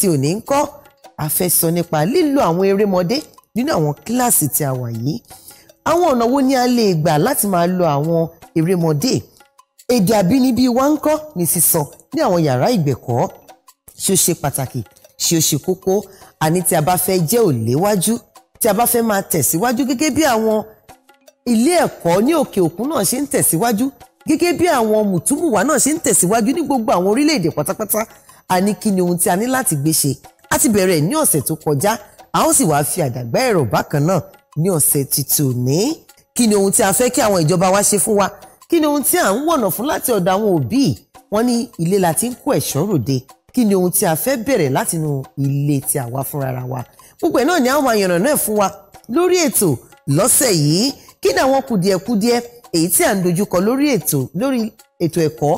tí òní ń kọ́ a fẹ́ sọ nípa lílo àwọn erémọdé nínú àwọn kíláàsì tí a wà yìí àwọn ọ̀nà wo ni a lè gbà láti máa lo àwọn erémọdé èdè àbínibí wa ń kọ́ ní sísọ ní àwọn yàrá ìgbẹ̀kọ́ ṣé ó ṣe pàtàkì ṣé ó ṣe kókó àní tí a bá fẹ́ jẹ́ òléwájú tí a bá fẹ́ máa tẹ̀síwájú gẹ́gẹ́ bí àwọn ilé ẹ̀kọ́ ní òkè òkun náà ṣe ń tẹ̀síwájú gẹ́gẹ́ bí àwọn mùtúmùwà náà ṣe ń tẹ̀síwájú ní gbogbo àwọn orílẹ̀-èdè pátápátá a ní kí ni ohun tí a ní láti gbé ṣe a ti bẹ̀rẹ̀ ní ọ̀sẹ̀ tó kọjá a ó sì wáá fi àdàgbà ẹ̀rọ bákan náà ní ọ̀sẹ̀ tuntun ní. kí ni ohun tí a fẹ́ kí àwọn ìjọba wa ṣe fún wa kí ni ohun tí à ń wọ̀nà fún láti ọ̀dọ̀ àwọn òbí wọn ní ilé la ti ń kó ẹ̀ṣọ́ ròde kí ni ohun tí a fẹ́ bẹ̀rẹ̀ látinú ilé tí àwa fúnra wa púpẹ̀ náà ni àwọn àyànnà náà fún wa lórí ètò lọ́sẹ̀ yìí kí ni àwọn kùdìẹ̀kudiẹ èyí tí à ń dojúkọ lórí ètò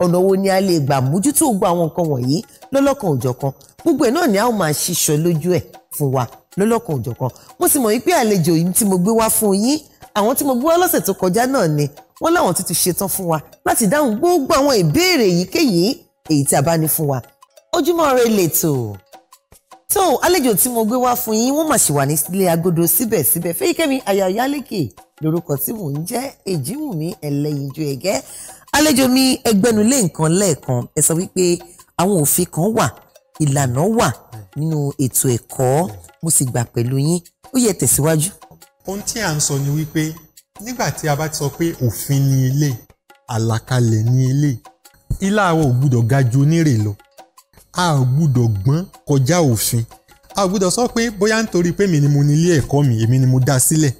ọ̀nà wo ni a lè gbà mójútó gbogbo àwọn nǹkan wọ̀nyí lọ́lọ́kan òjọ̀kan gbogbo ẹ̀ náà ni a ó máa ṣiṣọ́ lójú ẹ̀ fún wa lọ́lọ́kan òjọ̀kan mo sì mọ̀ wípé àlejò yìí tí mo gbé wá fún yín àwọn tí mo gbé wá lọ́sẹ̀ tó kọjá náà ni wọ́n láwọn ti ti ṣetán fún wa láti dáhùn gbogbo àwọn ìbéèrè èyíkéyìí èyí tí a bá ní fún wa Ojúmọ́ Ire lètò tó àlejò tí mo gbé wá fún yín wọ́n mà wà ní ilé agodo síbẹ̀síbẹ̀ Fẹ́yìkẹ́mi àyà Ọ̀yálékè lórúkọ tí mò ń jẹ́ Èjìwùmí Ẹlẹ́yinjú Ẹ̀gẹ́ àlejò mi ẹgbẹ́nulé nǹkan lẹ́ẹ̀kan ẹ sọ wípé àwọn òfin kan wà ìlànà wà nínú ètò ẹ̀kọ́ mo sì gbà pẹ̀lú yín ó yẹ tẹ̀síwájú. ohun tí à ń sọ ni wípé nígbà tí a bá ti sọ pé òfin ni ilé àlàkalẹ̀ ni ilé ilá wa ò gbúdọ̀ ga ju onírè lọ a ò gbúdọ̀ gbọ́n kọjá òfin a ò gbúdọ̀ sọ pé bóyá nítorí pé mi ni mo ní ilé ẹ̀kọ́ mi èmi ni mo dá sílẹ̀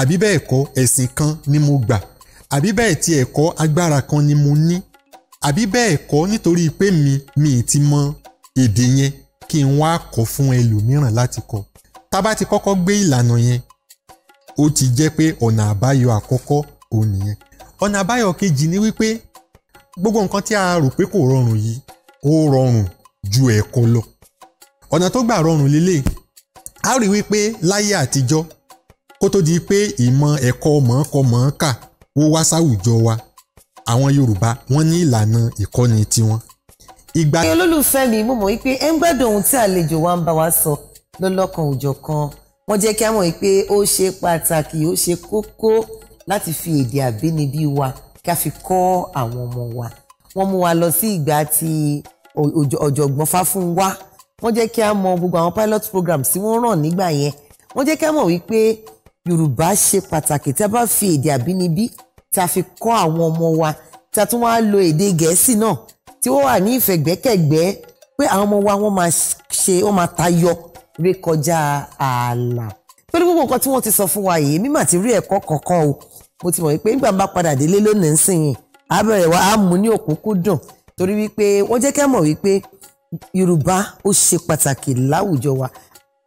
àbí bẹ́ẹ̀ kọ́ ẹ̀sìn kan ni mo gbà àbí bẹ́ẹ̀ ti ẹ̀kọ́ agbára kan ni mo ní àbí bẹ́ẹ̀ kọ́ nítorí pé mi mi ti mọ èdè yẹn kí n wá kọ́ fún ẹlòmíràn láti kọ́ tá bá ti kọ́kọ́ gbé ìlànà yẹn ó ti jẹ́ pé ọ̀nà àbáyọ àkọ́kọ́ òun nìyẹn ọ̀nà àbáyọ kejì ni wípé gbogbo nǹkan tí a rò pé kò rọrùn yìí ó rọrùn ju ẹ̀kọ́ lọ ọ̀nà tó gbà rọrùn lélẹ̀ a rí wípé láyé àtijọ́ kó tó di pé ìmọ̀ ẹ̀kọ́ mọ̀ọ́kọ mọ̀ọ́kà ó wá sáwùjọ wa àwọn Yorùbá wọ́n ní ìlànà ìkọ́ni tiwọn. ìgbà. ẹ̀yin olólùfẹ́ mi mo mọ̀ wípé ẹ ń gbádùn ohun tí àlejò wa ń bá wa sọ lọ́lọ́kan òjọ̀kan wọ́n jẹ́ kí a mọ̀ wípé ó ṣe pàtàkì ó ṣe kókó láti fi èdè àbínibí wa kí a fi kọ́ àwọn ọmọ wa wọ́n mú wa lọ sí ìgbà tí ọ̀jọ̀gbọ́n Fáfúnwá wọ́n jẹ́ kí a mọ̀ gbogbo àwọn pilot programs tí wọ́n ràn nígbà yẹn wọ́n jẹ́ kí a mọ̀ wípé yorùbá ṣe pàtàkì tá a bá fi èdè àbínibí tá a fi kọ́ àwọn ọmọ wa tá a tún wá lo èdè gẹ̀ẹ́sì náà tí wọ́n wà ní ìfẹ̀gbẹ́kẹ̀gbẹ́ pé àwọn ọmọ wa wọ́n máa ṣe wọ́n máa tayọ rékọjá ààlà pẹ̀lú gbogbo nǹkan tí wọ́n ti sọ fún wa yìí mímọ̀ àti rí ẹ̀kọ́ kọ̀ọ̀kan o mo ti mọ̀ wípé nígbà bá padà délé lónìí nsìnyìn á bẹ̀rẹ̀ á mú ní òkúnkúndùn torí wípé wọ́n jẹ́ kẹ́ mọ̀ wípé yorùbá ó ṣe pàtàkì láwùjọ wa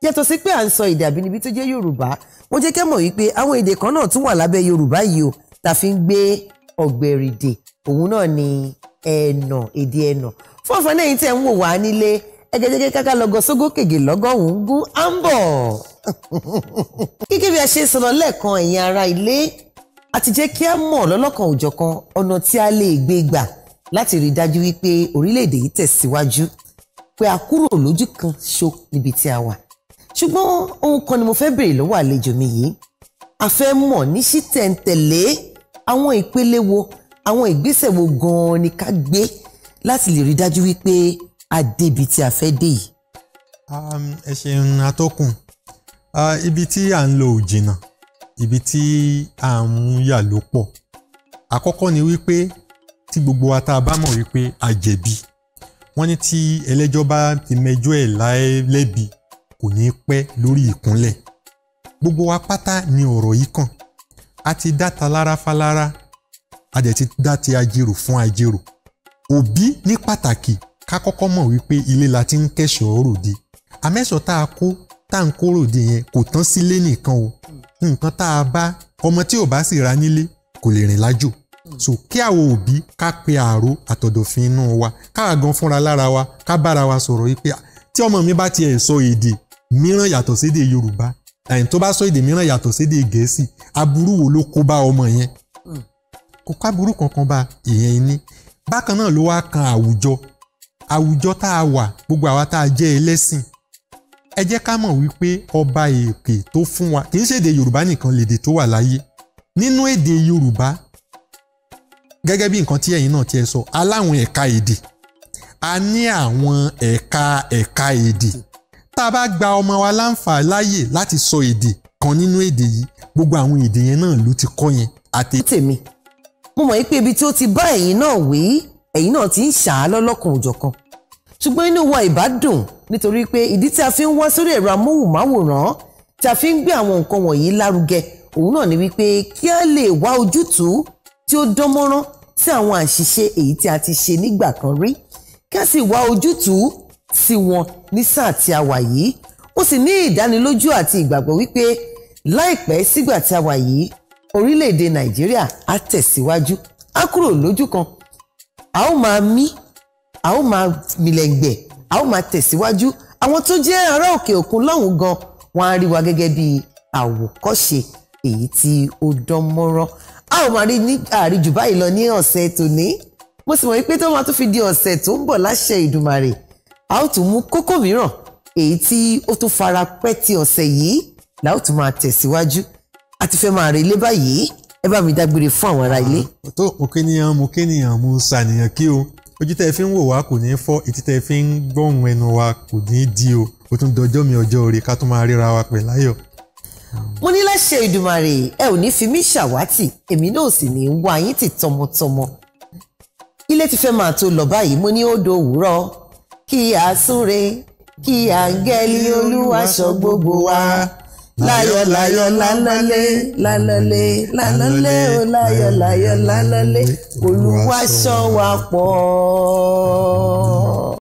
yàtọ̀ sí pé à ń sọ èdè àbínibí tó jẹ́ yorùbá wọ́n jẹ́ kẹ́ mọ̀ wípé àwọn èdè kan náà tún wà lábẹ́ yorùbá yìí o tá a fi ń gbé ọ̀gbẹ̀rìdè òun náà ni ẹ̀nà èdè ẹ̀nà fún àǹfààní ẹ̀yin tẹ̀ ń wò wá nílé ẹgẹjẹgẹ káká lọgọ sógó kègé lọgọrùn ún gún à ń bọ̀. kíkẹ́ bí a ṣe sọ̀rọ̀ lẹ́ẹ̀kan ẹ̀yin ará ilé a ti jẹ́ kí a mọ̀ lọ́lọ́kan òjọ̀kan ọ̀nà tí a lè gbé gbà láti rí dájú wípé orílẹ̀-èdè yìí tẹ̀síwájú pé a kúrò lójú kan ṣo níbi tí a wà ṣùgbọ́n ohun kan ni mo fẹ́ béèrè lọ́wọ́ àlejò mi yìí a fẹ́ mọ̀ ní ṣítẹ̀ǹtẹ̀lé àwọn ìpele wo àwọn ìgbésẹ̀ wo gan-an ni ká gbé láti lè rí dájú wípé a débi tí a fẹ́ dé yìí. Um, ẹ ṣeun atọ́kùn ibi tí à ń lọ ò ibi tí à ń yà ló pọ̀ àkọ́kọ́ ni wípé tí gbogbo wa tá a bá mọ̀ wípé a jẹ̀bi wọ́n ní tí ẹlẹ́jọ́ bá ti mẹjọ́ ẹ̀ láẹ́lẹ́bi kò ní pẹ́ lórí ìkúnlẹ̀ gbogbo wa pátá ni ọ̀rọ̀ yìí kàn a ti dá ta lára fálára a dẹ̀ ti dá ti ajérò fún ajérò òbí ní pàtàkì ká kọ́kọ́ mọ̀ wípé ilé la ti ń kẹ́ṣọ̀ọ́ ròde àmẹ́sọ̀ tá a kó tá à ń kó ròde yẹn kò tán sílé nìkan o nǹkan tá a bá ọmọ tí ò bá sì ra nílé kò lè rìn lájò so kí àwọn òbí ká pe àrò àtọ̀dọ̀fin inú wa káwa gan fúnra lára wa ká bára wa sọ̀rọ̀ yìí pé tí ọmọ mi bá tiẹ̀ sọ èdè mìíràn yàtọ̀ sédè Yorùbá ẹ̀yìn tó bá sọ èdè mìíràn yàtọ̀ sédè Gẹ̀ẹ́sì aburú wo ló kó bá ọmọ yẹn hmm. kò káburú kankan bá ìyẹn ní bákan náà ló wá kan àwùjọ àwùjọ tá a wà gbogbo àwa tá a jẹ́ ẹlẹ́sìn ẹ jẹ́ ká mọ̀ wípé ọba èkè tó fún wa kì í ṣèdè Yorùbá nìkan lèdè tó wà láyé nínú èdè Yorùbá gẹ́gẹ́ bí nǹkan tí ẹ̀yin náà ti ẹ sọ aláwọn ẹ̀ka èdè a ní àwọn ẹ̀ka ẹ̀ka èdè. E tá a bá gba ọmọ wa láǹfààní láàyè láti sọ èdè kan nínú èdè yìí gbogbo àwọn èdè yẹn náà ló ti kọ́ yẹn àti. tèmi mo mọ̀ pé ibi tí ó ti bá ẹ̀yin náà wí ẹ̀yin náà ti ń ṣà á lọ́lọ́kan òjọ̀kan ṣùgbọ́n inú wa ìbá nítorí pé ìdí tí a fi ń wá sórí ẹ̀rọ amóhùnmáwòrán tí a fi ń gbé àwọn nǹkan wọ̀nyí lárugẹ òun náà ni wípé kí a lè wá ojútùú tí ó dán mọ́rán sí àwọn àṣìṣe èyí tí a ti ṣe nígbà kan rí kí a sì wá ojútùú sí wọn ní sáà tí a wà yìí ó sì ní ìdánilójú àti ìgbàgbọ́ wípé láìpẹ́ sígbà tí a wà yìí orílẹ̀-èdè nàìjíríà á tẹ̀síwájú á kúrò lójú kan a ó máa mí a ó máa milẹ̀ngbẹ̀ a ó máa tẹ̀síwájú àwọn tó jẹ́ ará òkè òkun lọ́hùn gan wọn á rí wa gẹ́gẹ́ bí àwòkọ́ṣe èyí tí ó dán mọ́rán a ó máa rí ní àríjù báyìí lọ ní ọ̀sẹ̀ tòní mo sì mọ̀ wípé tó máa tún fi di ọ̀sẹ̀ tó ń bọ̀ láṣẹ ìdùmarè a ó tún mú kókó mìíràn èyí tí ó tún fara pẹ́ ti ọ̀sẹ̀ yìí la ó tún máa tẹ̀síwájú a ti fẹ́ máa relé báyìí ẹ bá mi dágbére fún àwọn ará ilé. Ah, tó mo kéèyàn mo kéèyàn mo ṣàníyàn kí o ojú tẹ́ fi ń wò wá kò ní fọ́ etí tẹ́ ẹ fi ń gbọ́hùn ẹnu wa kò ní di o ó tún dọjọ́ mi ọjọ́ òre ká tún máa ríra wa pẹ̀ láyọ̀. mo ní láṣẹ ìdùmàrè ẹ ò ní fi mí ṣàwátì èmi náà sì ní wá yín tì tọmọtọmọ ilé ti fẹ́ máa tó lọ báyìí mo ní ó do òwúrọ̀ kí a súre kí áńgẹ́lì olúwa ṣọ́ gbogbo wa láyọ̀ láyọ̀ lálọ́lé lálọ́lé lálọ́lé o láyọ̀ láyọ̀ lálọ́lé olúwa ṣọ́ wa pọ̀.